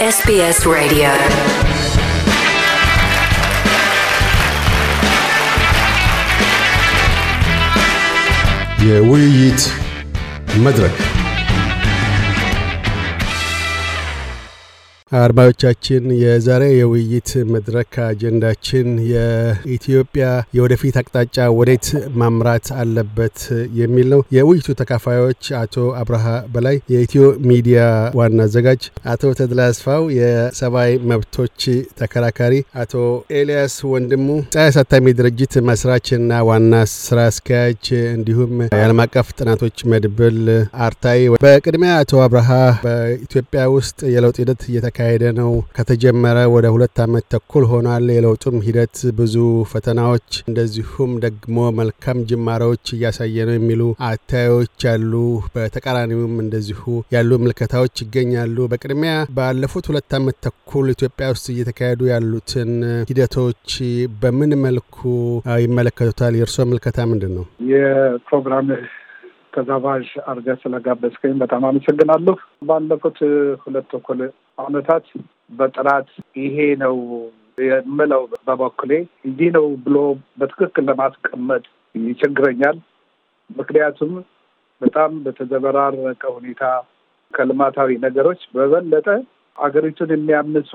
SBS Radio. Yeah, we eat madrak. አድማጮቻችን የዛሬ የውይይት መድረክ አጀንዳችን የኢትዮጵያ የወደፊት አቅጣጫ ወዴት ማምራት አለበት የሚል ነው። የውይይቱ ተካፋዮች አቶ አብርሃ በላይ የኢትዮ ሚዲያ ዋና አዘጋጅ፣ አቶ ተድላ አስፋው የሰብአዊ መብቶች ተከራካሪ፣ አቶ ኤልያስ ወንድሙ ፀሐይ አሳታሚ ድርጅት መስራችና ዋና ስራ አስኪያጅ እንዲሁም የዓለም አቀፍ ጥናቶች መድብል አርታይ። በቅድሚያ አቶ አብርሃ በኢትዮጵያ ውስጥ የለውጥ ሂደት እየተካ እየተካሄደ ነው። ከተጀመረ ወደ ሁለት ዓመት ተኩል ሆኗል። የለውጡም ሂደት ብዙ ፈተናዎች፣ እንደዚሁም ደግሞ መልካም ጅማሬዎች እያሳየ ነው የሚሉ አታዮች ያሉ፣ በተቃራኒውም እንደዚሁ ያሉ ምልከታዎች ይገኛሉ። በቅድሚያ ባለፉት ሁለት ዓመት ተኩል ኢትዮጵያ ውስጥ እየተካሄዱ ያሉትን ሂደቶች በምን መልኩ ይመለከቱታል? የእርስዎ ምልከታ ምንድን ነው? የፕሮግራም ተዛባዥ አድርገህ ስለጋበዝከኝ በጣም አመሰግናለሁ። ባለፉት ሁለት ተኩል አመታት በጥራት ይሄ ነው የምለው በበኩሌ እንዲህ ነው ብሎ በትክክል ለማስቀመጥ ይቸግረኛል። ምክንያቱም በጣም በተዘበራረቀ ሁኔታ ከልማታዊ ነገሮች በበለጠ አገሪቱን የሚያምሱ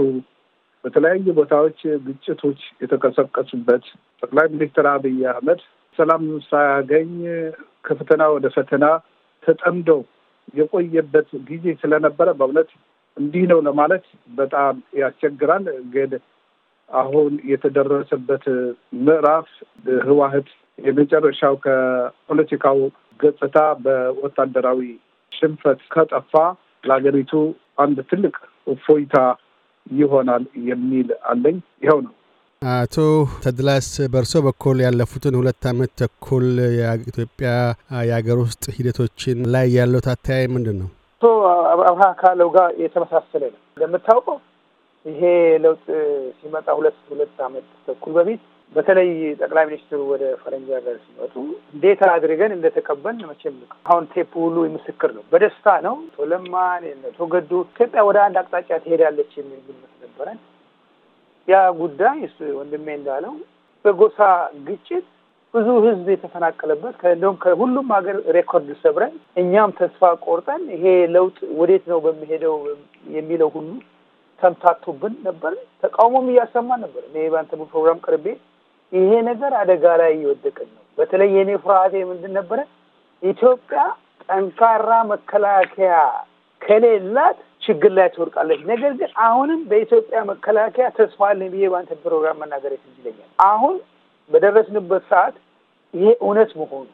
በተለያዩ ቦታዎች ግጭቶች የተቀሰቀሱበት ጠቅላይ ሚኒስትር አብይ አህመድ ሰላም ሳያገኝ ከፈተና ወደ ፈተና ተጠምዶ የቆየበት ጊዜ ስለነበረ በእውነት እንዲህ ነው ለማለት በጣም ያስቸግራል። ግን አሁን የተደረሰበት ምዕራፍ ህዋህት የመጨረሻው ከፖለቲካው ገጽታ በወታደራዊ ሽንፈት ከጠፋ ለሀገሪቱ አንድ ትልቅ እፎይታ ይሆናል የሚል አለኝ። ይኸው ነው። አቶ ተድላስ በእርሶ በኩል ያለፉትን ሁለት ዓመት ተኩል የኢትዮጵያ የሀገር ውስጥ ሂደቶችን ላይ ያለው አተያይ ምንድን ነው? እሱ አብርሃ ካለው ጋር የተመሳሰለ ነው። እንደምታውቀው ይሄ ለውጥ ሲመጣ ሁለት ሁለት ዓመት ተኩል በፊት በተለይ ጠቅላይ ሚኒስትሩ ወደ ፈረንጅ ሀገር ሲመጡ እንዴት አድርገን እንደተቀበል መቼም አሁን ቴፕ ሁሉ ምስክር ነው። በደስታ ነው። ቶለማን ለማን ገዱ ኢትዮጵያ ወደ አንድ አቅጣጫ ትሄዳለች የሚል ግምት ነበረን። ያ ጉዳይ ወንድሜ እንዳለው በጎሳ ግጭት ብዙ ህዝብ የተፈናቀለበት እንደውም ከሁሉም ሀገር ሬኮርድ ሰብረን እኛም ተስፋ ቆርጠን ይሄ ለውጥ ወዴት ነው በሚሄደው የሚለው ሁሉ ተምታቶብን ነበር። ተቃውሞም እያሰማ ነበር። እኔ በአንተ ፕሮግራም ቅርቤ ይሄ ነገር አደጋ ላይ እየወደቅን ነው። በተለይ የእኔ ፍርሃቴ ምንድን ነበረ? ኢትዮጵያ ጠንካራ መከላከያ ከሌላት ችግር ላይ ትወድቃለች። ነገር ግን አሁንም በኢትዮጵያ መከላከያ ተስፋ አለኝ ብዬ በአንተ ፕሮግራም መናገር ይችላል። አሁን በደረስንበት ሰዓት ይሄ እውነት መሆኑ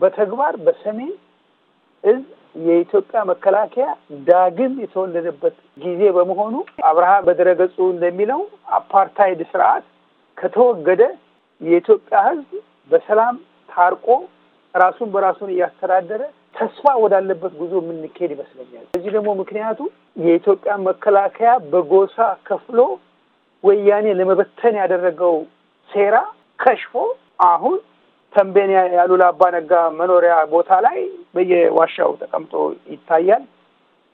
በተግባር በሰሜን እዝ የኢትዮጵያ መከላከያ ዳግም የተወለደበት ጊዜ በመሆኑ አብርሃ በድረገጹ እንደሚለው አፓርታይድ ስርዓት ከተወገደ የኢትዮጵያ ሕዝብ በሰላም ታርቆ ራሱን በራሱን እያስተዳደረ ተስፋ ወዳለበት ጉዞ የምንካሄድ ይመስለኛል። እዚህ ደግሞ ምክንያቱ የኢትዮጵያ መከላከያ በጎሳ ከፍሎ ወያኔ ለመበተን ያደረገው ሴራ ከሽፎ አሁን ተንቤን ያሉላ አባነጋ መኖሪያ ቦታ ላይ በየዋሻው ተቀምጦ ይታያል።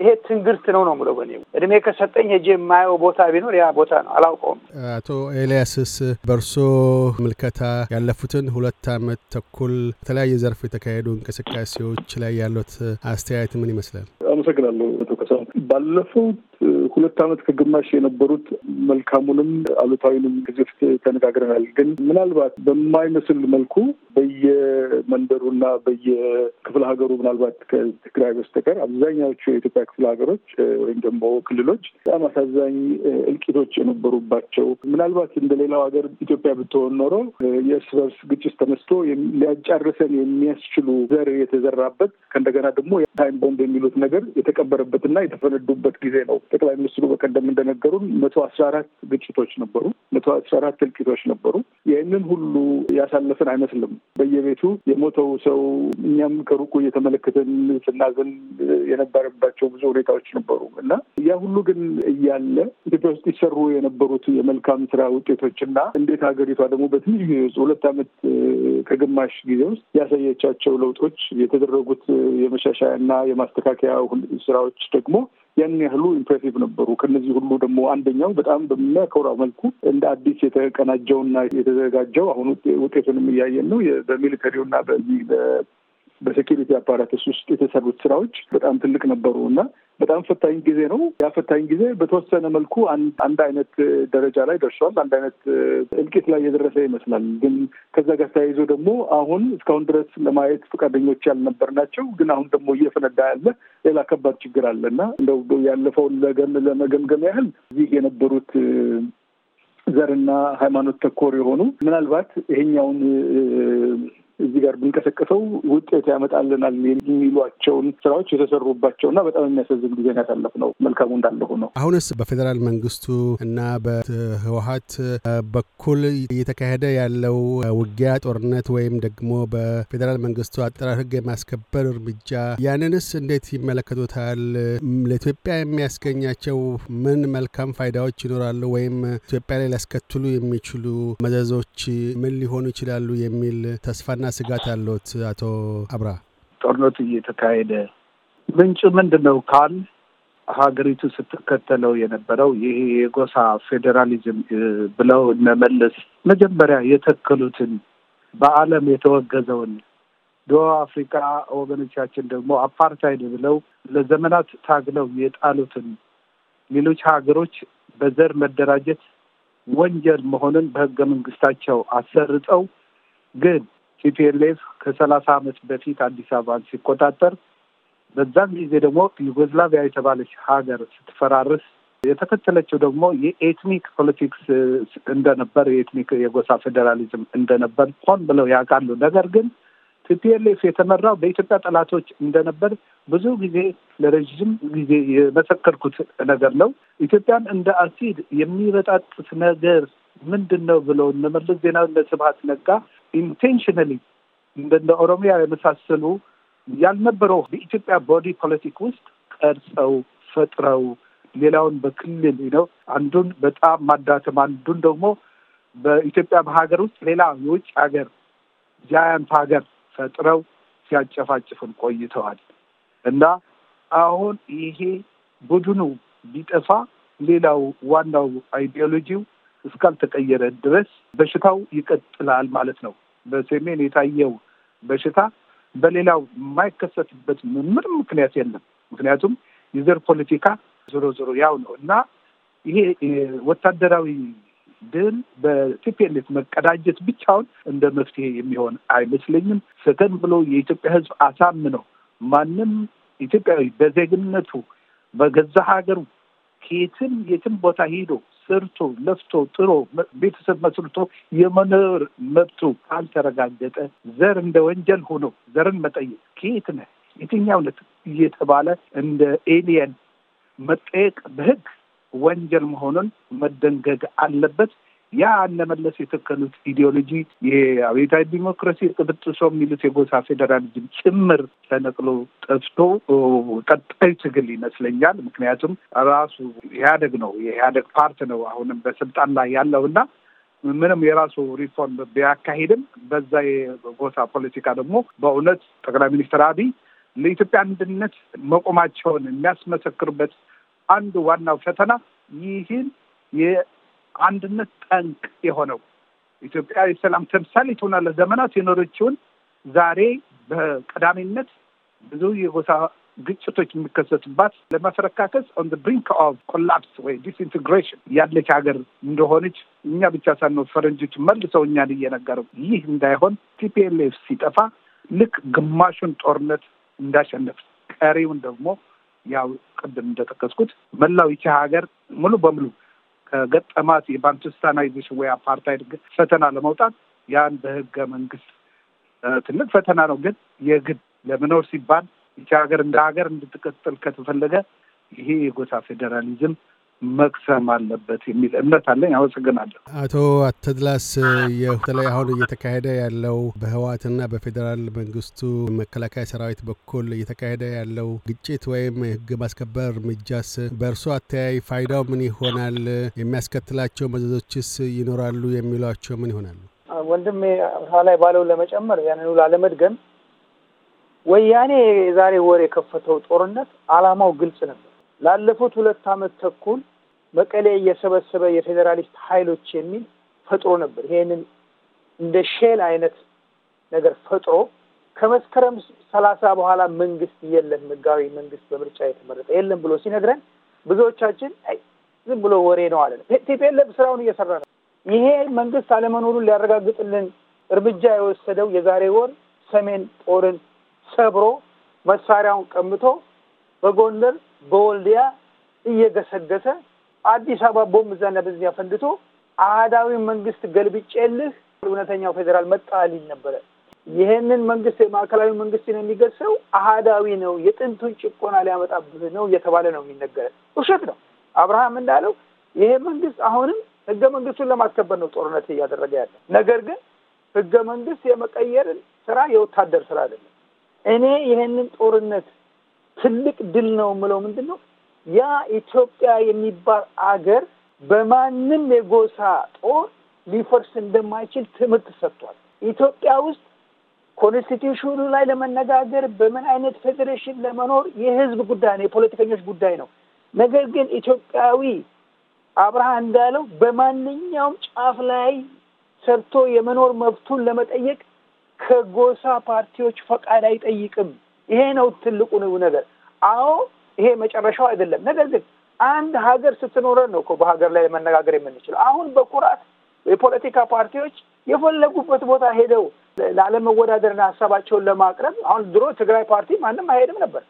ይሄ ትንግርት ነው ነው የምለው። በእኔ እድሜ ከሰጠኝ ሄጄ የማየው ቦታ ቢኖር ያ ቦታ ነው። አላውቀውም። አቶ ኤልያስስ በእርሶ ምልከታ ያለፉትን ሁለት አመት ተኩል በተለያየ ዘርፍ የተካሄዱ እንቅስቃሴዎች ላይ ያሉት አስተያየት ምን ይመስላል? አመሰግናለሁ ባለፈው ሁለት ዓመት ከግማሽ የነበሩት መልካሙንም አሉታዊንም ግዝፍ ተነጋግረናል። ግን ምናልባት በማይመስል መልኩ በየመንደሩና በየክፍለ ሀገሩ ምናልባት ከትግራይ በስተቀር አብዛኛዎቹ የኢትዮጵያ ክፍለ ሀገሮች ወይም ደግሞ ክልሎች በጣም አሳዛኝ እልቂቶች የነበሩባቸው ምናልባት እንደ ሌላው ሀገር ኢትዮጵያ ብትሆን ኖሮ የእርስ በርስ ግጭት ተነስቶ ሊያጫርሰን የሚያስችሉ ዘር የተዘራበት ከእንደገና ደግሞ ታይም ቦምብ የሚሉት ነገር የተቀበረበትና የተፈነዱበት ጊዜ ነው። ጠቅላይ ሚኒስትሩ በቀደም እንደነገሩን መቶ አስራ አራት ግጭቶች ነበሩ፣ መቶ አስራ አራት እልቂቶች ነበሩ። ይህንን ሁሉ ያሳለፍን አይመስልም። በየቤቱ የሞተው ሰው እኛም ከሩቁ እየተመለከትን ስናዝን የነበረባቸው ብዙ ሁኔታዎች ነበሩ እና ያ ሁሉ ግን እያለ ኢትዮጵያ ውስጥ ይሰሩ የነበሩት የመልካም ስራ ውጤቶች እና እንዴት ሀገሪቷ ደግሞ በትንሽ ጊዜ ውስጥ ሁለት ዓመት ከግማሽ ጊዜ ውስጥ ያሳየቻቸው ለውጦች የተደረጉት የመሻሻያ እና የማስተካከያ ስራዎች ደግሞ ያን ያህሉ ኢምፕሬሲቭ ነበሩ። ከነዚህ ሁሉ ደግሞ አንደኛው በጣም በሚያኮራ መልኩ እንደ አዲስ የተቀናጀውና የተዘጋጀው አሁን ውጤቱንም እያየን ነው በሚሊተሪውና በዚህ በሴኪሪቲ አፓራተስ ውስጥ የተሰሩት ስራዎች በጣም ትልቅ ነበሩ እና በጣም ፈታኝ ጊዜ ነው። ያ ፈታኝ ጊዜ በተወሰነ መልኩ አንድ አይነት ደረጃ ላይ ደርሷል። አንድ አይነት እልቂት ላይ የደረሰ ይመስላል። ግን ከዛ ጋር ተያይዞ ደግሞ አሁን እስካሁን ድረስ ለማየት ፈቃደኞች ያልነበር ናቸው። ግን አሁን ደግሞ እየፈነዳ ያለ ሌላ ከባድ ችግር አለ እና እንደው ያለፈውን ለመገምገም ያህል ይህ የነበሩት ዘርና ሃይማኖት ተኮር የሆኑ ምናልባት ይሄኛውን እዚህ ጋር ብንቀሰቀሰው ውጤት ያመጣልናል የሚሏቸውን ስራዎች የተሰሩባቸውና በጣም የሚያሳዝን ጊዜ ያሳለፍ ነው። መልካሙ እንዳለ ሆኖ አሁንስ በፌዴራል መንግስቱ እና በህወሀት በኩል እየተካሄደ ያለው ውጊያ ጦርነት ወይም ደግሞ በፌዴራል መንግስቱ አጠራር ህግ የማስከበር እርምጃ ያንንስ እንዴት ይመለከቱታል? ለኢትዮጵያ የሚያስገኛቸው ምን መልካም ፋይዳዎች ይኖራሉ? ወይም ኢትዮጵያ ላይ ሊያስከትሉ የሚችሉ መዘዞች ምን ሊሆኑ ይችላሉ? የሚል ተስፋና ስጋት ያለት አቶ አብራ ጦርነቱ እየተካሄደ ምንጩ ምንድን ነው ካል ሀገሪቱ ስትከተለው የነበረው ይሄ የጎሳ ፌዴራሊዝም ብለው እነመለስ መጀመሪያ የተከሉትን በዓለም የተወገዘውን ደቡብ አፍሪካ ወገኖቻችን ደግሞ አፓርታይድ ብለው ለዘመናት ታግለው የጣሉትን ሌሎች ሀገሮች በዘር መደራጀት ወንጀል መሆኑን በህገ መንግስታቸው አሰርጠው ግን ሲፒኤልኤፍ ከሰላሳ ዓመት በፊት አዲስ አበባን ሲቆጣጠር በዛም ጊዜ ደግሞ ዩጎዝላቪያ የተባለች ሀገር ስትፈራርስ የተከተለችው ደግሞ የኤትኒክ ፖለቲክስ እንደነበር የኤትኒክ የጎሳ ፌዴራሊዝም እንደነበር ሆን ብለው ያውቃሉ። ነገር ግን ቲፒኤልኤፍ የተመራው በኢትዮጵያ ጠላቶች እንደነበር ብዙ ጊዜ ለረዥም ጊዜ የመሰከርኩት ነገር ነው። ኢትዮጵያን እንደ አሲድ የሚበጣጥስ ነገር ምንድን ነው ብለው እነ መለስ ዜናዊ እነ ስብሀት ነጋ ኢንቴንሽናሊ እንደ ኦሮሚያ የመሳሰሉ ያልነበረው በኢትዮጵያ ቦዲ ፖለቲክ ውስጥ ቀርጸው ፈጥረው ሌላውን በክልል ነው አንዱን በጣም ማዳተም አንዱን ደግሞ በኢትዮጵያ በሀገር ውስጥ ሌላ የውጭ ሀገር ጃያንት ሀገር ፈጥረው ሲያጨፋጭፉን ቆይተዋል እና አሁን ይሄ ቡድኑ ቢጠፋ ሌላው ዋናው አይዲዮሎጂው እስካልተቀየረ ድረስ በሽታው ይቀጥላል ማለት ነው። በሰሜን የታየው በሽታ በሌላው የማይከሰትበት ምንም ምክንያት የለም። ምክንያቱም የዘር ፖለቲካ ዞሮ ዞሮ ያው ነው እና ይሄ ወታደራዊ ድል በቲፒኤልኤፍ መቀዳጀት ብቻውን እንደ መፍትሄ የሚሆን አይመስለኝም። ሰተን ብሎ የኢትዮጵያ ሕዝብ አሳምነው ማንም ኢትዮጵያዊ በዜግነቱ በገዛ ሀገሩ ከየትም የትም ቦታ ሄዶ ሰርቶ ለፍቶ ጥሮ ቤተሰብ መስርቶ የመኖር መብቱ ካልተረጋገጠ ዘር እንደ ወንጀል ሆኖ ዘርን መጠየቅ ከየት ነህ የትኛው ነት እየተባለ እንደ ኤሊየን መጠየቅ በህግ ወንጀል መሆኑን መደንገግ አለበት። ያ እነመለስ የተከሉት ኢዲዮሎጂ ይሄ አብዮታዊ ዲሞክራሲ ቅብጥሶ የሚሉት የጎሳ ፌዴራሊዝም ጭምር ተነቅሎ ጠፍቶ ቀጣይ ትግል ይመስለኛል። ምክንያቱም ራሱ ኢህአደግ ነው የኢህአደግ ፓርት ነው አሁንም በስልጣን ላይ ያለው እና ምንም የራሱ ሪፎርም ቢያካሂድም በዛ የጎሳ ፖለቲካ ደግሞ በእውነት ጠቅላይ ሚኒስትር አብይ ለኢትዮጵያ አንድነት መቆማቸውን የሚያስመሰክርበት አንዱ ዋናው ፈተና ይህን አንድነት ጠንቅ የሆነው ኢትዮጵያ የሰላም ተምሳሌ ሆና ለዘመናት የኖረችውን ዛሬ በቀዳሚነት ብዙ የጎሳ ግጭቶች የሚከሰቱባት ለማስረካከስ ኦን ብሪንክ ኦፍ ኮላፕስ ወይ ዲስኢንትግሬሽን ያለች ሀገር እንደሆነች እኛ ብቻ ሳንሆን ፈረንጆች መልሰው እኛን እየነገሩ ይህ እንዳይሆን ቲፒኤልኤፍ ሲጠፋ ልክ ግማሹን ጦርነት እንዳሸነፍ ቀሪውን ደግሞ ያው ቅድም እንደጠቀስኩት መላው ይቺ ሀገር ሙሉ በሙሉ ከገጠማት የባንቱስታናይዜሽን ወይ አፓርታይድ ፈተና ለመውጣት ያን በህገ መንግስት ትልቅ ፈተና ነው። ግን የግድ ለመኖር ሲባል ይቺ ሀገር እንደ ሀገር እንድትቀጥል ከተፈለገ ይሄ የጎሳ ፌዴራሊዝም መቅሰም አለበት የሚል እምነት አለኝ። አመሰግናለሁ። አቶ አተድላስ በተለይ አሁን እየተካሄደ ያለው በህወሓትና በፌዴራል መንግስቱ መከላከያ ሰራዊት በኩል እየተካሄደ ያለው ግጭት ወይም የህግ ማስከበር እርምጃስ በእርሶ አተያይ ፋይዳው ምን ይሆናል? የሚያስከትላቸው መዘዞችስ ይኖራሉ? የሚሏቸው ምን ይሆናሉ? ወንድሜ ላይ ባለው ለመጨመር ያንኑ ላለመድገም ወያኔ የዛሬ ወር የከፈተው ጦርነት አላማው ግልጽ ነበር። ላለፉት ሁለት አመት ተኩል መቀሌ እየሰበሰበ የፌዴራሊስት ሀይሎች የሚል ፈጥሮ ነበር። ይሄንን እንደ ሼል አይነት ነገር ፈጥሮ ከመስከረም ሰላሳ በኋላ መንግስት የለም ህጋዊ መንግስት በምርጫ የተመረጠ የለም ብሎ ሲነግረን ብዙዎቻችን ዝም ብሎ ወሬ ነው አለን። ቲፒኤልኤፍ ስራውን እየሰራ ነው። ይሄ መንግስት አለመኖሩን ሊያረጋግጥልን እርምጃ የወሰደው የዛሬ ወር ሰሜን ጦርን ሰብሮ መሳሪያውን ቀምቶ በጎንደር በወልዲያ እየገሰገሰ አዲስ አበባ ቦምብ እዛና በዚያ ፈንድቶ አህዳዊ መንግስት ገልብጬልህ እውነተኛው ፌዴራል መጣ ሊል ነበረ። ይህንን መንግስት የማዕከላዊ መንግስትን የሚገሰው አህዳዊ ነው፣ የጥንቱን ጭቆና ሊያመጣብህ ነው እየተባለ ነው የሚነገረ። ውሸት ነው። አብርሃም እንዳለው ይሄ መንግስት አሁንም ህገ መንግስቱን ለማስከበር ነው ጦርነት እያደረገ ያለ። ነገር ግን ህገ መንግስት የመቀየርን ስራ የወታደር ስራ አይደለም። እኔ ይህንን ጦርነት ትልቅ ድል ነው የምለው ምንድን ነው ያ ኢትዮጵያ የሚባል አገር በማንም የጎሳ ጦር ሊፈርስ እንደማይችል ትምህርት ሰጥቷል። ኢትዮጵያ ውስጥ ኮንስቲቱሽኑ ላይ ለመነጋገር በምን አይነት ፌዴሬሽን ለመኖር የህዝብ ጉዳይ ነው፣ የፖለቲከኞች ጉዳይ ነው። ነገር ግን ኢትዮጵያዊ አብርሃ እንዳለው በማንኛውም ጫፍ ላይ ሰርቶ የመኖር መብቱን ለመጠየቅ ከጎሳ ፓርቲዎች ፈቃድ አይጠይቅም። ይሄ ነው ትልቁ ነገር። አዎ ይሄ መጨረሻው አይደለም። ነገር ግን አንድ ሀገር ስትኖረን ነው እኮ በሀገር ላይ መነጋገር የምንችለው። አሁን በኩራት የፖለቲካ ፓርቲዎች የፈለጉበት ቦታ ሄደው ላለመወዳደርና ሀሳባቸውን ለማቅረብ አሁን ድሮ ትግራይ ፓርቲ ማንም አይሄድም ነበር።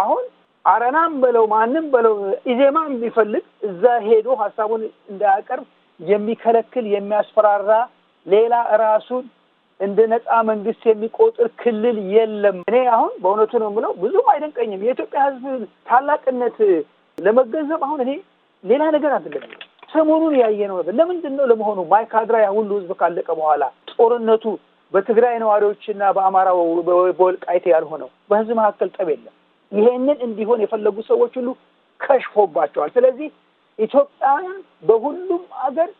አሁን አረናም በለው ማንም በለው ኢዜማ የሚፈልግ እዛ ሄዶ ሀሳቡን እንዳያቀርብ የሚከለክል የሚያስፈራራ ሌላ ራሱን እንደ ነፃ መንግስት የሚቆጥር ክልል የለም። እኔ አሁን በእውነቱ ነው የምለው ብዙም አይደንቀኝም። የኢትዮጵያ ሕዝብ ታላቅነት ለመገንዘብ አሁን እኔ ሌላ ነገር አይደለም ሰሞኑን ያየነው ነበር። ለምንድን ነው ለመሆኑ ማይካድራ ያ ሁሉ ሕዝብ ካለቀ በኋላ ጦርነቱ በትግራይ ነዋሪዎችና በአማራ በወልቃይቴ ያልሆነው በህዝብ መካከል ጠብ የለም። ይሄንን እንዲሆን የፈለጉ ሰዎች ሁሉ ከሽፎባቸዋል። ስለዚህ ኢትዮጵያውያን በሁሉም አገር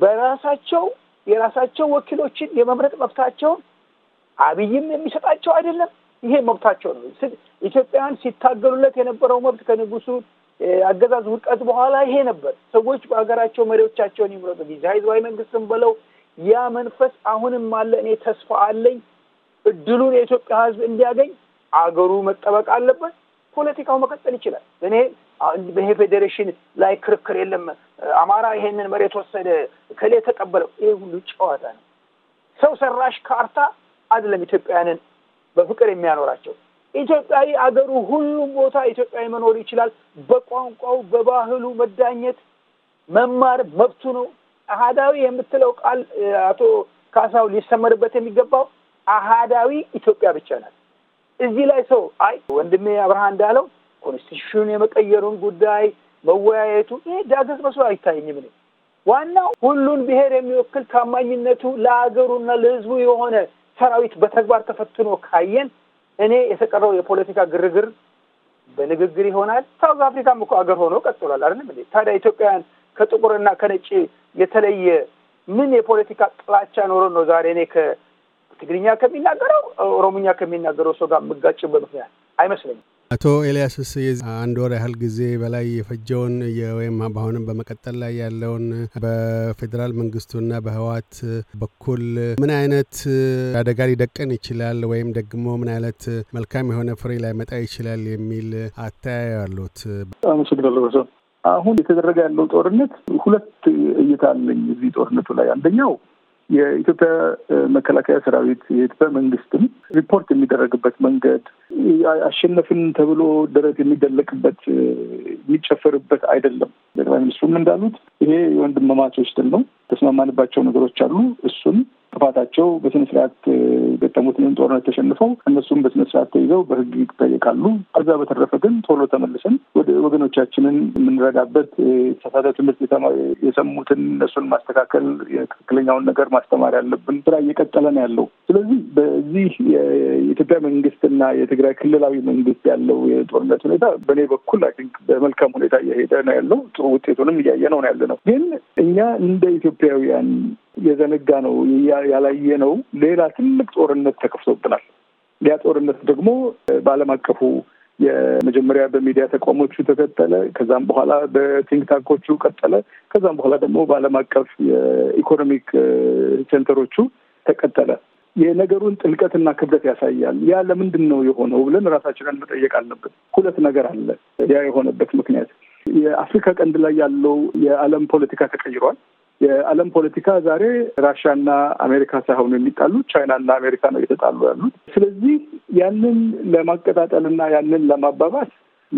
በራሳቸው የራሳቸው ወኪሎችን የመምረጥ መብታቸውን አብይም የሚሰጣቸው አይደለም። ይሄ መብታቸው ነው። ኢትዮጵያውያን ሲታገሉለት የነበረው መብት ከንጉሱ አገዛዝ ውድቀት በኋላ ይሄ ነበር። ሰዎች በሀገራቸው መሪዎቻቸውን ይምረጡ ጊዜ ህዝባዊ መንግስትም በለው። ያ መንፈስ አሁንም አለ። እኔ ተስፋ አለኝ። እድሉን የኢትዮጵያ ህዝብ እንዲያገኝ አገሩ መጠበቅ አለበት። ፖለቲካው መቀጠል ይችላል። እኔ ይሄ ፌዴሬሽን ላይ ክርክር የለም፣ አማራ ይሄንን መሬት ወሰደ፣ ከሌ ተቀበለው። ይሄ ሁሉ ጨዋታ ነው። ሰው ሰራሽ ካርታ አይደለም ኢትዮጵያውያንን በፍቅር የሚያኖራቸው። ኢትዮጵያዊ አገሩ ሁሉም ቦታ ኢትዮጵያዊ መኖር ይችላል። በቋንቋው በባህሉ መዳኘት መማር መብቱ ነው። አሃዳዊ የምትለው ቃል አቶ ካሳው ሊሰመርበት የሚገባው አሃዳዊ ኢትዮጵያ ብቻ ናት። እዚህ ላይ ሰው አይ ወንድሜ አብርሃ እንዳለው ኮንስቲቱሽን የመቀየሩን ጉዳይ መወያየቱ ይሄ ዳገት መስሎ አይታየኝም። እኔ ዋናው ሁሉን ብሔር የሚወክል ታማኝነቱ ለአገሩና ለህዝቡ የሆነ ሰራዊት በተግባር ተፈትኖ ካየን እኔ የተቀረው የፖለቲካ ግርግር በንግግር ይሆናል። ሳውዝ አፍሪካም እኮ አገር ሆኖ ቀጥሏል አይደለም እንዴ? ታዲያ ኢትዮጵያውያን ከጥቁርና ከነጭ የተለየ ምን የፖለቲካ ጥላቻ ኖሮ ነው ዛሬ እኔ ከትግርኛ ከሚናገረው ኦሮሞኛ ከሚናገረው ሰው ጋር የምጋጭበት ምክንያት አይመስለኝም። አቶ ኤልያስስ አንድ ወር ያህል ጊዜ በላይ የፈጀውን ወይም በአሁንም በመቀጠል ላይ ያለውን በፌዴራል መንግስቱና በህወሓት በኩል ምን አይነት አደጋ ሊደቀን ይችላል ወይም ደግሞ ምን አይነት መልካም የሆነ ፍሬ ላይመጣ ይችላል የሚል አተያዩ አሉት? አመሰግናለሁ። አሁን የተደረገ ያለው ጦርነት ሁለት እይታ አለኝ እዚህ ጦርነቱ ላይ አንደኛው የኢትዮጵያ መከላከያ ሰራዊት የኢትዮጵያ መንግስትም ሪፖርት የሚደረግበት መንገድ አሸነፍን ተብሎ ደረት የሚደለቅበት የሚጨፈርበት አይደለም። ጠቅላይ ሚኒስትሩም እንዳሉት ይሄ የወንድማማቾች ድል ነው። ተስማማንባቸው ነገሮች አሉ። እሱን ክፋታቸው በስነ ስርዓት የገጠሙትንም ጦርነት ተሸንፈው እነሱም በስነ ስርዓት ተይዘው በህግ ይጠየቃሉ። ከዛ በተረፈ ግን ቶሎ ተመልሰን ወደ ወገኖቻችንን የምንረዳበት የተሳሳተ ትምህርት የሰሙትን እነሱን ማስተካከል የትክክለኛውን ነገር ማስተማር ያለብን ስራ እየቀጠለ ነው ያለው። ስለዚህ በዚህ የኢትዮጵያ መንግስትና የትግራይ ክልላዊ መንግስት ያለው የጦርነት ሁኔታ በእኔ በኩል አይ ቲንክ በመልካም ሁኔታ እየሄደ ነው ያለው። ጥሩ ውጤቱንም እያየ ነው ያለ ነው። ግን እኛ እንደ ኢትዮጵያውያን የዘነጋ ነው ያላየ ነው። ሌላ ትልቅ ጦርነት ተከፍቶብናል። ያ ጦርነት ደግሞ በዓለም አቀፉ የመጀመሪያ በሚዲያ ተቋሞቹ ተከተለ። ከዛም በኋላ በቲንክ ታንኮቹ ቀጠለ። ከዛም በኋላ ደግሞ በዓለም አቀፍ የኢኮኖሚክ ሴንተሮቹ ተቀጠለ። የነገሩን ጥልቀትና ክብደት ያሳያል። ያ ለምንድን ነው የሆነው ብለን ራሳችንን መጠየቅ አለብን። ሁለት ነገር አለ። ያ የሆነበት ምክንያት የአፍሪካ ቀንድ ላይ ያለው የዓለም ፖለቲካ ተቀይሯል። የዓለም ፖለቲካ ዛሬ ራሽያና አሜሪካ ሳይሆኑ የሚጣሉት ቻይናና አሜሪካ ነው እየተጣሉ ያሉት። ስለዚህ ያንን ለማቀጣጠልና ያንን ለማባባስ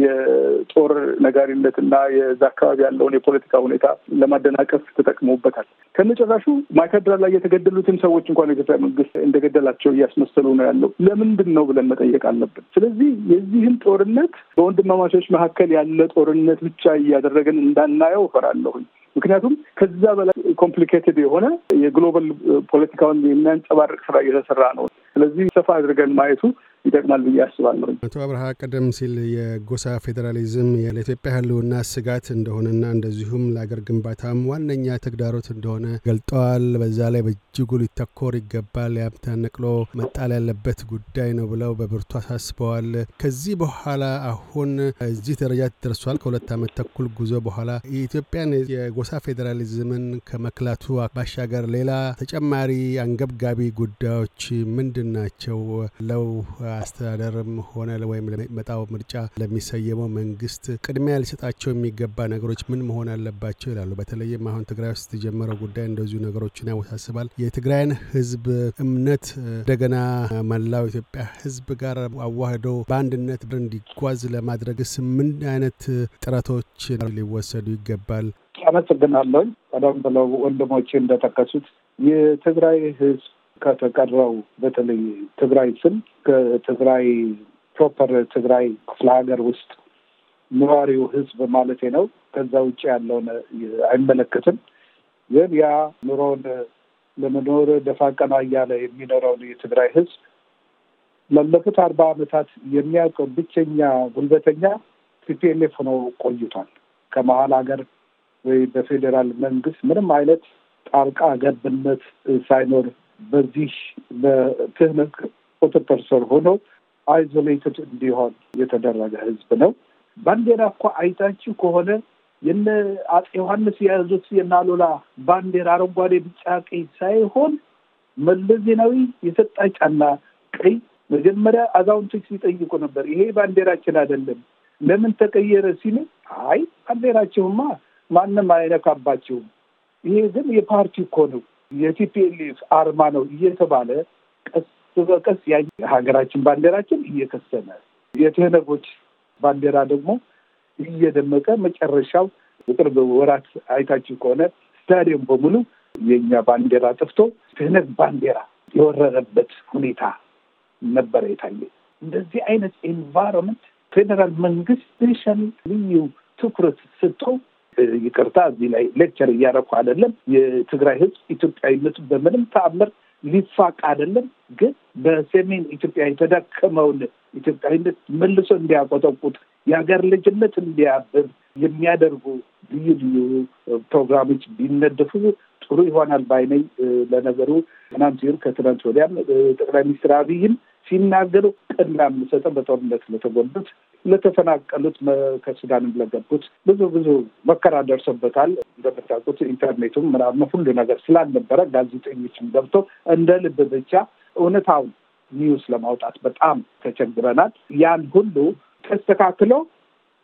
የጦር ነጋሪነትና የዛ አካባቢ ያለውን የፖለቲካ ሁኔታ ለማደናቀፍ ተጠቅመውበታል። ከነጨራሹ ማይካድራ ላይ የተገደሉትን ሰዎች እንኳን የኢትዮጵያ መንግስት እንደገደላቸው እያስመሰሉ ነው ያለው። ለምንድን ነው ብለን መጠየቅ አለብን። ስለዚህ የዚህን ጦርነት በወንድማማቾች መካከል ያለ ጦርነት ብቻ እያደረግን እንዳናየው እፈራለሁኝ። ምክንያቱም ከዛ በላይ ኮምፕሊኬትድ የሆነ የግሎባል ፖለቲካውን የሚያንጸባርቅ ስራ እየተሰራ ነው። ስለዚህ ሰፋ አድርገን ማየቱ ይጠቅማል ብዬ አስባለሁ። አቶ አብርሃ ቀደም ሲል የጎሳ ፌዴራሊዝም ለኢትዮጵያ ሕልውና ስጋት እንደሆነና እንደዚሁም ለአገር ግንባታም ዋነኛ ተግዳሮት እንደሆነ ገልጠዋል። በዛ ላይ በእጅጉ ሊተኮር ይገባል፣ ያም መጣል ያለበት ጉዳይ ነው ብለው በብርቱ አሳስበዋል። ከዚህ በኋላ አሁን እዚህ ደረጃ ደርሷል። ከሁለት ዓመት ተኩል ጉዞ በኋላ የኢትዮጵያን የጎሳ ፌዴራሊዝምን ከመክላቱ ባሻገር ሌላ ተጨማሪ አንገብጋቢ ጉዳዮች ምንድን ናቸው ለው አስተዳደርም ሆነ ወይም ለሚመጣው ምርጫ ለሚሰየመው መንግስት ቅድሚያ ሊሰጣቸው የሚገባ ነገሮች ምን መሆን አለባቸው ይላሉ። በተለይም አሁን ትግራይ ውስጥ የተጀመረው ጉዳይ እንደዚሁ ነገሮችን ያወሳስባል። የትግራይን ህዝብ እምነት እንደገና መላው ኢትዮጵያ ህዝብ ጋር አዋህዶ በአንድነት እንዲጓዝ ለማድረግስ ምን አይነት ጥረቶች ሊወሰዱ ይገባል? አመሰግናለሁ። ቀደም ብለው ወንድሞች እንደጠቀሱት የትግራይ ህዝብ ከተቀረው በተለይ ትግራይ ስም ከትግራይ ፕሮፐር ትግራይ ክፍለ ሀገር ውስጥ ነዋሪው ህዝብ ማለት ነው። ከዛ ውጭ ያለውን አይመለከትም። ግን ያ ኑሮን ለመኖር ደፋ ቀና እያለ የሚኖረውን የትግራይ ህዝብ ላለፉት አርባ ዓመታት የሚያውቀው ብቸኛ ጉልበተኛ ቲፒኤልኤፍ ሆኖ ቆይቷል። ከመሀል ሀገር ወይ በፌዴራል መንግስት ምንም አይነት ጣልቃ ገብነት ሳይኖር በዚህ በክህነት ቁጥጥር ስር ሆኖ አይዞሌትድ እንዲሆን የተደረገ ህዝብ ነው። ባንዲራ እኮ አይታችሁ ከሆነ የነ አፄ ዮሐንስ የያዙት የናሎላ ባንዲራ አረንጓዴ፣ ቢጫ፣ ቀይ ሳይሆን መለስ ዜናዊ የሰጣ ጫና ቀይ መጀመሪያ አዛውንቶች ሲጠይቁ ነበር። ይሄ ባንዲራችን አይደለም ለምን ተቀየረ ሲሉ፣ አይ ባንዲራችሁማ ማንም አይነካባችሁም፣ ይሄ ግን የፓርቲ እኮ ነው የቲፒኤልኤፍ አርማ ነው እየተባለ ቀስ በቀስ ያ ሀገራችን ባንዴራችን እየከሰመ የትህነጎች ባንዴራ ደግሞ እየደመቀ መጨረሻው የቅርብ ወራት አይታችን ከሆነ ስታዲየም በሙሉ የእኛ ባንዴራ ጠፍቶ ትህነግ ባንዴራ የወረረበት ሁኔታ ነበረ የታየ። እንደዚህ አይነት ኤንቫይሮንመንት ፌዴራል መንግስት ስፔሻል ልዩ ትኩረት ሰጥቶ ይቅርታ እዚህ ላይ ሌክቸር እያደረኩ አይደለም። የትግራይ ህዝብ ኢትዮጵያዊነቱ በምንም ተአምር ሊፋቅ አይደለም። ግን በሰሜን ኢትዮጵያ የተዳከመውን ኢትዮጵያዊነት መልሶ እንዲያቆጠቁት የሀገር ልጅነት እንዲያብብ የሚያደርጉ ልዩ ልዩ ፕሮግራሞች ቢነደፉ ጥሩ ይሆናል ባይነኝ። ለነገሩ ትናንት ይሁን ከትናንት ወዲያም ጠቅላይ ሚኒስትር አብይም ሲናገሩ ቅድሚያ የምሰጠው በጦርነት ለተጎዱት ለተፈናቀሉት ከሱዳንም ለገቡት ብዙ ብዙ መከራ ደርሶበታል። እንደምታውቁት ኢንተርኔቱም ምናምን ሁሉ ነገር ስላልነበረ ጋዜጠኞችም ገብቶ እንደ ልብ ብቻ እውነታውን ኒውስ ለማውጣት በጣም ተቸግረናል። ያን ሁሉ ተስተካክሎ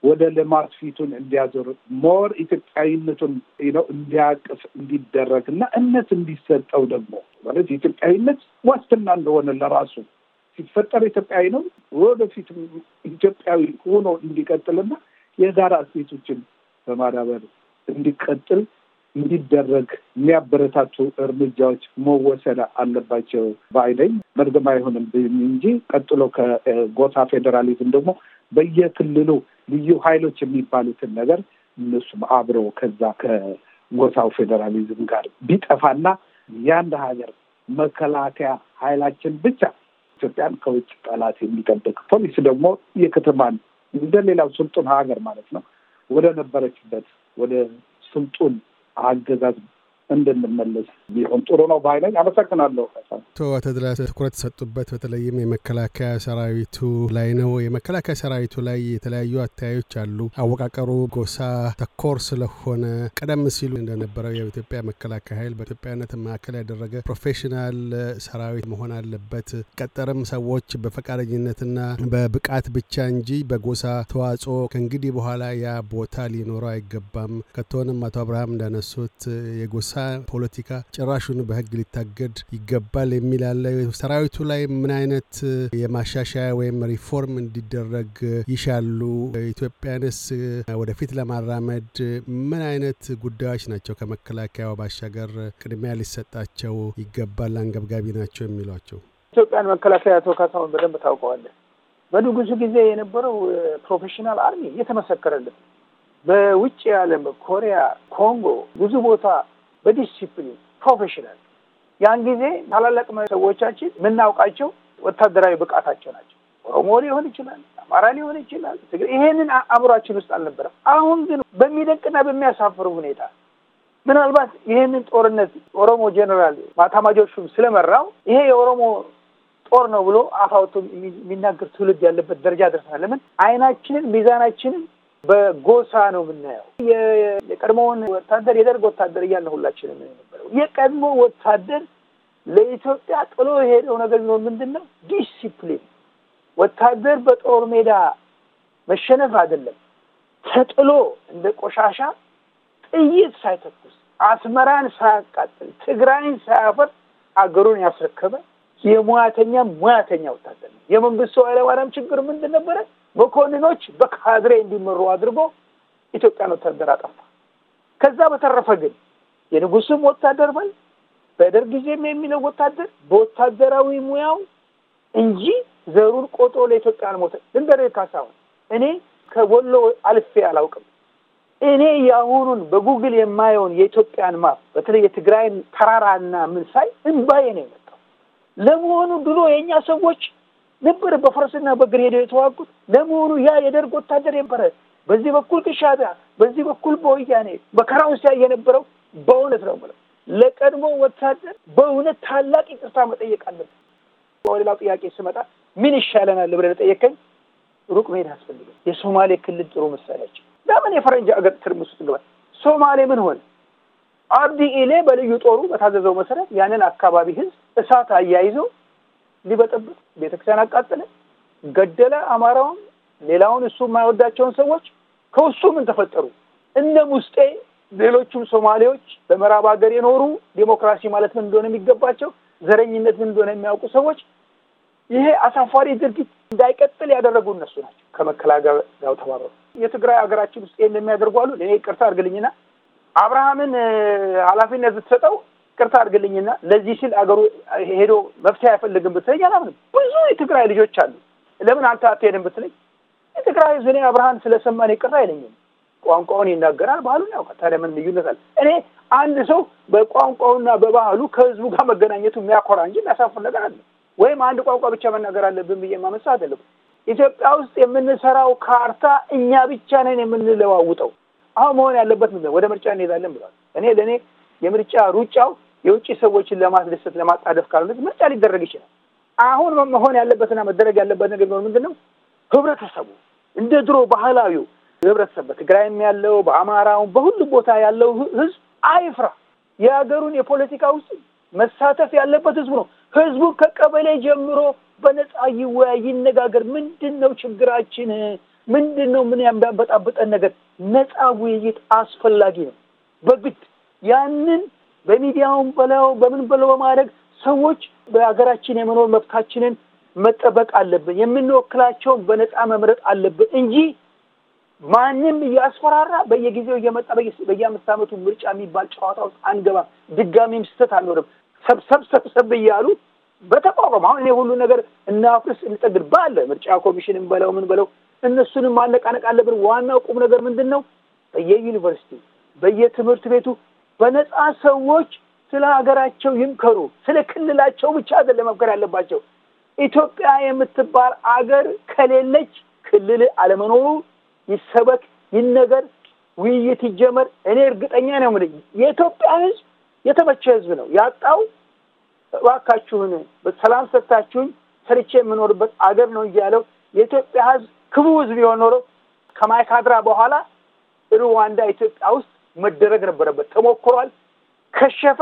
ወደ ልማት ፊቱን እንዲያዞር ሞር ኢትዮጵያዊነቱን ነው እንዲያቅፍ እንዲደረግ እና እምነት እንዲሰጠው ደግሞ ማለት ኢትዮጵያዊነት ዋስትና እንደሆነ ለራሱ ሲፈጠር ኢትዮጵያዊ ነው፣ ወደፊትም ኢትዮጵያዊ ሆኖ እንዲቀጥልና የጋራ እሴቶችን በማዳበር እንዲቀጥል እንዲደረግ የሚያበረታቱ እርምጃዎች መወሰድ አለባቸው ባይ ነኝ። መርገም አይሆንም እንጂ ቀጥሎ ከጎሳ ፌዴራሊዝም ደግሞ በየክልሉ ልዩ ኃይሎች የሚባሉትን ነገር እነሱም አብሮ ከዛ ከጎሳው ፌዴራሊዝም ጋር ቢጠፋና የአንድ ሀገር መከላከያ ኃይላችን ብቻ ኢትዮጵያን ከውጭ ጠላት የሚጠብቅ ፖሊስ ደግሞ የከተማን ሌላው ስልጡን ሀገር ማለት ነው ወደ ነበረችበት ወደ ስልጡን አገዛዝ እንድንመለስ ቢሆን ጥሩ ነው ባይ ነኝ። አመሰግናለሁ። አቶ አተድላ ትኩረት የሰጡበት በተለይም የመከላከያ ሰራዊቱ ላይ ነው። የመከላከያ ሰራዊቱ ላይ የተለያዩ አተያዮች አሉ። አወቃቀሩ ጎሳ ተኮር ስለሆነ ቀደም ሲሉ እንደነበረው የኢትዮጵያ መከላከያ ኃይል በኢትዮጵያነት ማዕከል ያደረገ ፕሮፌሽናል ሰራዊት መሆን አለበት። ቀጠርም ሰዎች በፈቃደኝነትና በብቃት ብቻ እንጂ በጎሳ ተዋጽኦ ከእንግዲህ በኋላ ያ ቦታ ሊኖረው አይገባም። ከቶሆንም አቶ አብርሃም እንዳነሱት የጎሳ ፖለቲካ ጭራሹን በህግ ሊታገድ ይገባል የሚል አለ። ሰራዊቱ ላይ ምን አይነት የማሻሻያ ወይም ሪፎርም እንዲደረግ ይሻሉ? ኢትዮጵያንስ ወደፊት ለማራመድ ምን አይነት ጉዳዮች ናቸው ከመከላከያው ባሻገር ቅድሚያ ሊሰጣቸው ይገባል፣ አንገብጋቢ ናቸው የሚሏቸው? ኢትዮጵያን መከላከያ አቶ ካሳሁን በደንብ ታውቀዋለህ። በንጉሱ ጊዜ የነበረው ፕሮፌሽናል አርሚ እየተመሰከረለት በውጭ ዓለም ኮሪያ፣ ኮንጎ ብዙ ቦታ በዲሲፕሊን ፕሮፌሽናል። ያን ጊዜ ታላላቅ ሰዎቻችን የምናውቃቸው ወታደራዊ ብቃታቸው ናቸው። ኦሮሞ ሊሆን ይችላል፣ አማራ ሊሆን ይችላል። ይሄንን አእምሯችን ውስጥ አልነበረም። አሁን ግን በሚደንቅና በሚያሳፍር ሁኔታ ምናልባት ይህንን ጦርነት ኦሮሞ ጀኔራል ማታማጆር ሹም ስለመራው ይሄ የኦሮሞ ጦር ነው ብሎ አፋውቶ የሚናገር ትውልድ ያለበት ደረጃ ደርሰናል። ለምን አይናችንን ሚዛናችንን በጎሳ ነው የምናየው። የቀድሞውን ወታደር የደርግ ወታደር እያለ ሁላችንም የነበረው የቀድሞ ወታደር ለኢትዮጵያ ጥሎ የሄደው ነገር ቢሆን ምንድን ነው? ዲሲፕሊን። ወታደር በጦር ሜዳ መሸነፍ አይደለም፣ ተጥሎ እንደ ቆሻሻ ጥይት ሳይተኩስ አስመራን ሳያቃጥል ትግራይን ሳያፈር አገሩን ያስረከበ የሙያተኛ ሙያተኛ ወታደር ነው። የመንግስቱ ኃይለማርያም ችግር ምንድን ነበረ? መኮንኖች በካድሬ እንዲመሩ አድርጎ ኢትዮጵያን ወታደር አጠፋ። ከዛ በተረፈ ግን የንጉስም ወታደር ባል በደርግ ጊዜም የሚለው ወታደር በወታደራዊ ሙያው እንጂ ዘሩን ቆጦ ለኢትዮጵያ አልሞተ። ድንበሬ ካሳሁን እኔ ከወሎ አልፌ አላውቅም። እኔ የአሁኑን በጉግል የማየውን የኢትዮጵያን ማፕ በተለይ የትግራይን ተራራና ምን ሳይ እንባዬ ነው የመጣው። ለመሆኑ ድሮ የእኛ ሰዎች ነበረ በፈረስና በእግር ሄደው የተዋጉት። ለመሆኑ ያ የደርግ ወታደር የበረ በዚህ በኩል ሻዕቢያ፣ በዚህ በኩል በወያኔ መከራውን ሲያይ የነበረው በእውነት ነው ብለው ለቀድሞ ወታደር በእውነት ታላቅ ይቅርታ መጠየቅ አለብን። በሌላው ጥያቄ ስመጣ ምን ይሻለናል ብለህ ጠየቀኝ። ሩቅ መሄድ አስፈልግም። የሶማሌ ክልል ጥሩ ምሳሌያቸው ለምን የፈረንጅ አገር ትርምስ ውስጥ ሶማሌ ምን ሆነ? አብዲ ኢሌ በልዩ ጦሩ በታዘዘው መሰረት ያንን አካባቢ ህዝብ እሳት አያይዘው ሊበጠብጥ ቤተክርስቲያን አቃጠለ፣ ገደለ፣ አማራውን፣ ሌላውን እሱ የማይወዳቸውን ሰዎች ከውሱ ምን ተፈጠሩ? እነ ሙስጤ ሌሎቹም ሶማሌዎች በምዕራብ ሀገር የኖሩ ዴሞክራሲ ማለት ምን እንደሆነ የሚገባቸው ዘረኝነት ምን እንደሆነ የሚያውቁ ሰዎች ይሄ አሳፋሪ ድርጊት እንዳይቀጥል ያደረጉ እነሱ ናቸው። ከመከላከያ ጋር ተባበሩ። የትግራይ ሀገራችን ውስጥ ይህን የሚያደርጉ አሉ። እኔ ይቅርታ አድርግልኝና አብርሃምን ኃላፊነት ብትሰጠው ቅርታ አድርግልኝና ለዚህ ሲል አገሩ ሄዶ መፍትሄ አይፈልግም ብትለኝ አላምንም። ብዙ የትግራይ ልጆች አሉ። ለምን አንተ አትሄድም ብትለኝ የትግራይ ህዝብ እኔ አብርሃን ስለሰማን ቅር አይለኝም። ቋንቋውን ይናገራል፣ ባህሉን ያውቃል። ታዲያ ምን ልዩነት አለ? እኔ አንድ ሰው በቋንቋውና በባህሉ ከህዝቡ ጋር መገናኘቱ የሚያኮራ እንጂ የሚያሳፍር ነገር አለ ወይም አንድ ቋንቋ ብቻ መናገር አለብን ብዬ ማመሳ አይደለም። ኢትዮጵያ ውስጥ የምንሰራው ካርታ እኛ ብቻ ነን የምንለዋውጠው። አሁን መሆን ያለበት ምንድን ነው? ወደ ምርጫ እንሄዳለን ብለዋል። እኔ ለእኔ የምርጫ ሩጫው የውጭ ሰዎችን ለማስደሰት ለማጣደፍ ካልሆነ ምርጫ ሊደረግ ይችላል። አሁን መሆን ያለበትና መደረግ ያለበት ነገር ቢሆን ምንድን ነው? ህብረተሰቡ እንደ ድሮ ባህላዊው ህብረተሰብ በትግራይም ያለው በአማራውም በሁሉም ቦታ ያለው ህዝብ አይፍራ። የሀገሩን የፖለቲካ ውስጥ መሳተፍ ያለበት ህዝቡ ነው። ህዝቡ ከቀበሌ ጀምሮ በነፃ ይወያይ፣ ይነጋገር። ምንድን ነው ችግራችን? ምንድን ነው ምን ያንበጣበጠን ነገር? ነጻ ውይይት አስፈላጊ ነው በግድ ያንን በሚዲያውም በለው በምን በለው በማድረግ ሰዎች በሀገራችን የመኖር መብታችንን መጠበቅ አለብን፣ የምንወክላቸውን በነፃ መምረጥ አለብን እንጂ ማንም እያስፈራራ በየጊዜው እየመጣ በየአምስት ዓመቱ ምርጫ የሚባል ጨዋታ ውስጥ አንገባም፣ ድጋሚም ስህተት አልኖርም፣ ሰብሰብ ሰብሰብ እያሉ በተቋቋም አሁን እኔ ሁሉ ነገር እናፍርስ እንጠግድ ባለ ምርጫ ኮሚሽን በለው ምን በለው እነሱንም ማነቃነቅ አለብን። ዋናው ቁም ነገር ምንድን ነው? በየዩኒቨርሲቲ በየትምህርት ቤቱ በነፃ ሰዎች ስለ ሀገራቸው ይምከሩ። ስለ ክልላቸው ብቻ አይደለም መምከር ያለባቸው። ኢትዮጵያ የምትባል አገር ከሌለች ክልል አለመኖሩ ይሰበክ፣ ይነገር፣ ውይይት ይጀመር። እኔ እርግጠኛ ነው የምልኝ የኢትዮጵያ ሕዝብ የተመቸ ሕዝብ ነው ያጣው። እባካችሁን ሰላም ሰጥታችሁኝ ሰርቼ የምኖርበት አገር ነው እያለው የኢትዮጵያ ሕዝብ ክቡ ሕዝብ የሆን ኖረው ከማይካድራ በኋላ ሩዋንዳ ኢትዮጵያ ውስጥ መደረግ ነበረበት። ተሞክሯል። ከሸፈ።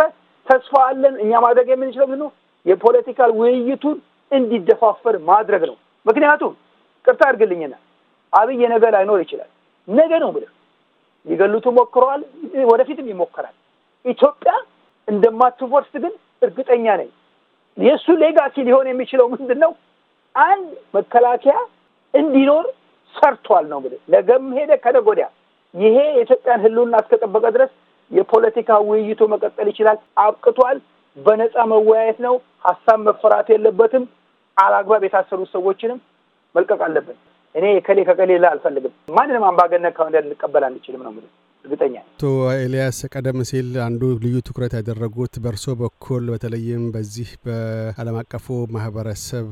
ተስፋ አለን። እኛ ማድረግ የምንችለው ምንድን ነው? የፖለቲካል ውይይቱን እንዲደፋፈር ማድረግ ነው። ምክንያቱም ቅርታ አድርግልኝና አብይ ነገ ላይኖር ይችላል። ነገ ነው ብለ ሊገሉቱ ሞክረዋል። ወደፊትም ይሞከራል። ኢትዮጵያ እንደማትወርስ ግን እርግጠኛ ነኝ። የእሱ ሌጋሲ ሊሆን የሚችለው ምንድን ነው? አንድ መከላከያ እንዲኖር ሰርቷል ነው ብለ ነገም ሄደ ከነገ ወዲያ ይሄ የኢትዮጵያን ህልውና እስከጠበቀ ድረስ የፖለቲካ ውይይቱ መቀጠል ይችላል። አብቅቷል። በነጻ መወያየት ነው። ሀሳብ መፈራት የለበትም። አላግባብ የታሰሩ ሰዎችንም መልቀቅ አለብን። እኔ ከሌ ከቀሌላ አልፈልግም። ማንንም አምባገነን ከሆነ ልንቀበል አንችልም ነው የምልህ። እርግጠኛ አቶ ኤልያስ ቀደም ሲል አንዱ ልዩ ትኩረት ያደረጉት በእርሶ በኩል በተለይም በዚህ በዓለም አቀፉ ማህበረሰብ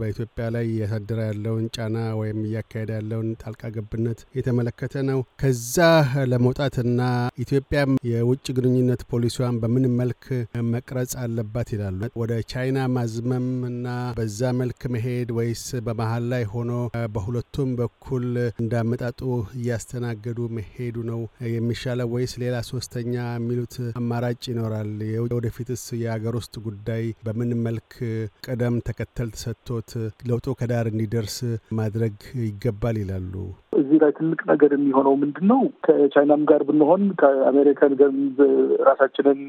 በኢትዮጵያ ላይ እያሳደረ ያለውን ጫና ወይም እያካሄደ ያለውን ጣልቃ ገብነት የተመለከተ ነው። ከዛ ለመውጣትና ኢትዮጵያም የውጭ ግንኙነት ፖሊሲዋን በምን መልክ መቅረጽ አለባት ይላሉ? ወደ ቻይና ማዝመም እና በዛ መልክ መሄድ ወይስ በመሀል ላይ ሆኖ በሁለቱም በኩል እንዳመጣጡ እያስተናገዱ መሄዱ ነው የሚሻለው ወይስ ሌላ ሶስተኛ የሚሉት አማራጭ ይኖራል? ወደፊትስ የሀገር ውስጥ ጉዳይ በምን መልክ ቅደም ተከተል ተሰጥቶት ለውጡ ከዳር እንዲደርስ ማድረግ ይገባል ይላሉ? እዚህ ላይ ትልቅ ነገር የሚሆነው ምንድን ነው? ከቻይናም ጋር ብንሆን ከአሜሪካን ጋር ራሳችንን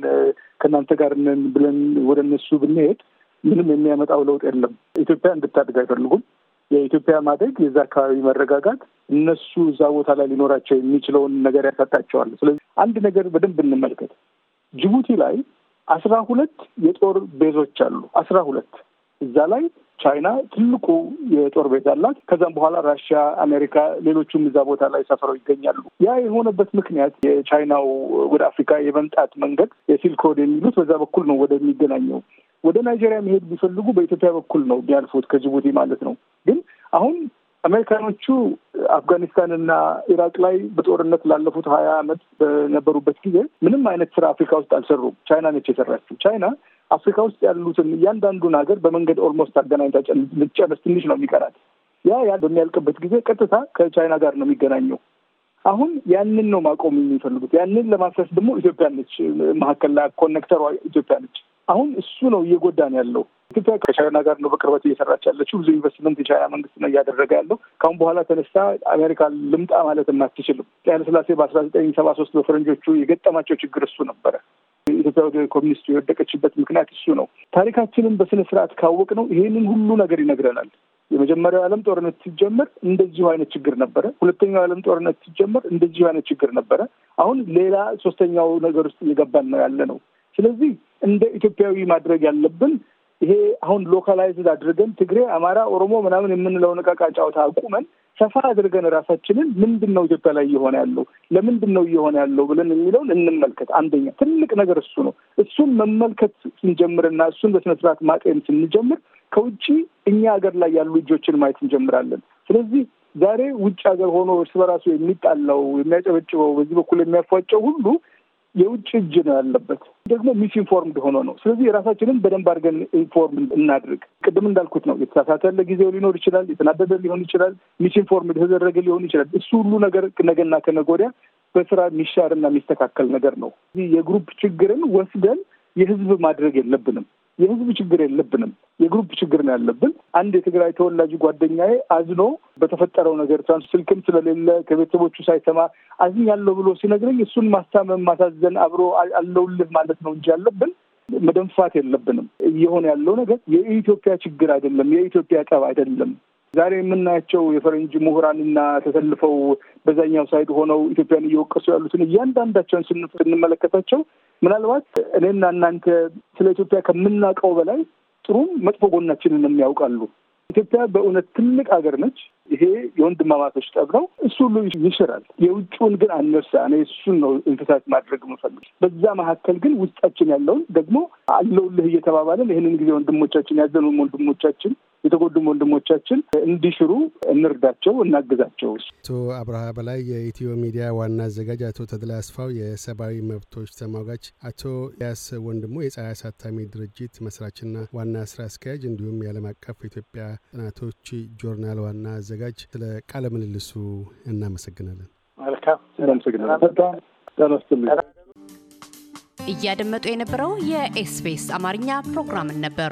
ከእናንተ ጋር ነን ብለን ወደ እነሱ ብንሄድ ምንም የሚያመጣው ለውጥ የለም። ኢትዮጵያ እንድታድግ አይፈልጉም። የኢትዮጵያ ማደግ የዛ አካባቢ መረጋጋት እነሱ እዛ ቦታ ላይ ሊኖራቸው የሚችለውን ነገር ያሳጣቸዋል። ስለዚህ አንድ ነገር በደንብ እንመልከት። ጅቡቲ ላይ አስራ ሁለት የጦር ቤዞች አሉ። አስራ ሁለት እዛ ላይ ቻይና ትልቁ የጦር ቤት አላት። ከዛም በኋላ ራሽያ፣ አሜሪካ፣ ሌሎቹም እዛ ቦታ ላይ ሰፍረው ይገኛሉ። ያ የሆነበት ምክንያት የቻይናው ወደ አፍሪካ የመምጣት መንገድ የሲልክ የሚሉት በዛ በኩል ነው ወደሚገናኘው። ወደ ናይጄሪያ መሄድ ቢፈልጉ በኢትዮጵያ በኩል ነው ቢያልፉት ከጅቡቲ ማለት ነው። ግን አሁን አሜሪካኖቹ አፍጋኒስታንና ኢራቅ ላይ በጦርነት ላለፉት ሀያ ዓመት በነበሩበት ጊዜ ምንም አይነት ስራ አፍሪካ ውስጥ አልሰሩም። ቻይና ነች የሰራችው። ቻይና አፍሪካ ውስጥ ያሉትን እያንዳንዱን ሀገር በመንገድ ኦልሞስት አገናኝታ ልጨርስ ትንሽ ነው የሚቀራት። ያ ያ በሚያልቅበት ጊዜ ቀጥታ ከቻይና ጋር ነው የሚገናኘው። አሁን ያንን ነው ማቆም የሚፈልጉት። ያንን ለማስረስ ደግሞ ኢትዮጵያ ነች መካከል ላይ ኮኔክተሯ ኢትዮጵያ ነች። አሁን እሱ ነው እየጎዳን ያለው። ኢትዮጵያ ከቻይና ጋር ነው በቅርበት እየሰራች ያለችው። ብዙ ኢንቨስትመንት የቻይና መንግስት ነው እያደረገ ያለው። ከአሁን በኋላ ተነሳ አሜሪካ ልምጣ ማለት አትችልም። ኃይለስላሴ በአስራ ዘጠኝ ሰባ ሶስት በፈረንጆቹ የገጠማቸው ችግር እሱ ነበረ። ኢትዮጵያ ወደ ኮሚኒስቱ የወደቀችበት ምክንያት እሱ ነው። ታሪካችንን በስነ ስርዓት ካወቅ ነው ይሄንን ሁሉ ነገር ይነግረናል። የመጀመሪያው የዓለም ጦርነት ሲጀመር እንደዚሁ አይነት ችግር ነበረ። ሁለተኛው የዓለም ጦርነት ሲጀመር እንደዚሁ አይነት ችግር ነበረ። አሁን ሌላ ሶስተኛው ነገር ውስጥ እየገባን ነው ያለ ነው። ስለዚህ እንደ ኢትዮጵያዊ ማድረግ ያለብን ይሄ አሁን ሎካላይዝድ አድርገን ትግሬ፣ አማራ፣ ኦሮሞ ምናምን የምንለውን ንቃቃ ጫውታ አቁመን ሰፋ አድርገን ራሳችንን ምንድን ነው ኢትዮጵያ ላይ እየሆነ ያለው ለምንድን ነው እየሆነ ያለው ብለን የሚለውን እንመልከት። አንደኛ ትልቅ ነገር እሱ ነው። እሱን መመልከት ስንጀምርና እሱን በስነስርዓት ማጤን ስንጀምር ከውጭ እኛ ሀገር ላይ ያሉ እጆችን ማየት እንጀምራለን። ስለዚህ ዛሬ ውጭ ሀገር ሆኖ እርስ በራሱ የሚጣላው የሚያጨበጭበው፣ በዚህ በኩል የሚያፏጨው ሁሉ የውጭ እጅ ነው ያለበት። ደግሞ ሚስ ኢንፎርምድ ሆኖ ነው። ስለዚህ የራሳችንን በደንብ አድርገን ኢንፎርም እናድርግ። ቅድም እንዳልኩት ነው የተሳሳተ ለጊዜው ሊኖር ይችላል፣ የተናደደ ሊሆን ይችላል፣ ሚስ ኢንፎርም የተደረገ ሊሆን ይችላል። እሱ ሁሉ ነገር ነገና ከነገ ወዲያ በስራ የሚሻርና የሚስተካከል ነገር ነው። የግሩፕ ችግርን ወስደን የህዝብ ማድረግ የለብንም። የህዝብ ችግር የለብንም፣ የግሩፕ ችግር ነው ያለብን። አንድ የትግራይ ተወላጅ ጓደኛዬ አዝኖ በተፈጠረው ነገር ትራንስ ስልክም ስለሌለ ከቤተሰቦቹ ሳይሰማ አዝኛለሁ ብሎ ሲነግረኝ እሱን ማስታመም፣ ማሳዘን፣ አብሮ አለውልህ ማለት ነው እንጂ ያለብን መደንፋት የለብንም። እየሆነ ያለው ነገር የኢትዮጵያ ችግር አይደለም፣ የኢትዮጵያ ጠብ አይደለም። ዛሬ የምናያቸው የፈረንጅ ምሁራንና ተሰልፈው በዛኛው ሳይድ ሆነው ኢትዮጵያን እየወቀሱ ያሉትን እያንዳንዳቸውን ስንመለከታቸው ምናልባት እኔና እናንተ ስለ ኢትዮጵያ ከምናውቀው በላይ ጥሩም መጥፎ ጎናችንን የሚያውቃሉ። ኢትዮጵያ በእውነት ትልቅ ሀገር ነች። ይሄ የወንድማማቶች ጠብ ነው። እሱ ሁሉ ይሽራል። የውጭውን ግን አነሳ። እኔ እሱን ነው እንስሳት ማድረግ ምፈልግ። በዛ መካከል ግን ውስጣችን ያለውን ደግሞ አለውልህ እየተባባለን ይህንን ጊዜ ወንድሞቻችን ያዘኑን ወንድሞቻችን የተጎዱም ወንድሞቻችን እንዲሽሩ እንርዳቸው፣ እናግዛቸው። አቶ አብርሃ በላይ የኢትዮ ሚዲያ ዋና አዘጋጅ፣ አቶ ተድላ አስፋው የሰብአዊ መብቶች ተሟጋች፣ አቶ ያስ ወንድሙ የፀሐይ አሳታሚ ድርጅት መስራችና ዋና ስራ አስኪያጅ እንዲሁም የዓለም አቀፍ ኢትዮጵያ ጥናቶች ጆርናል ዋና አዘጋጅ፣ ስለ ቃለ ምልልሱ እናመሰግናለን። እናመሰግናለን። እያደመጡ የነበረው የኤስቢኤስ አማርኛ ፕሮግራምን ነበር።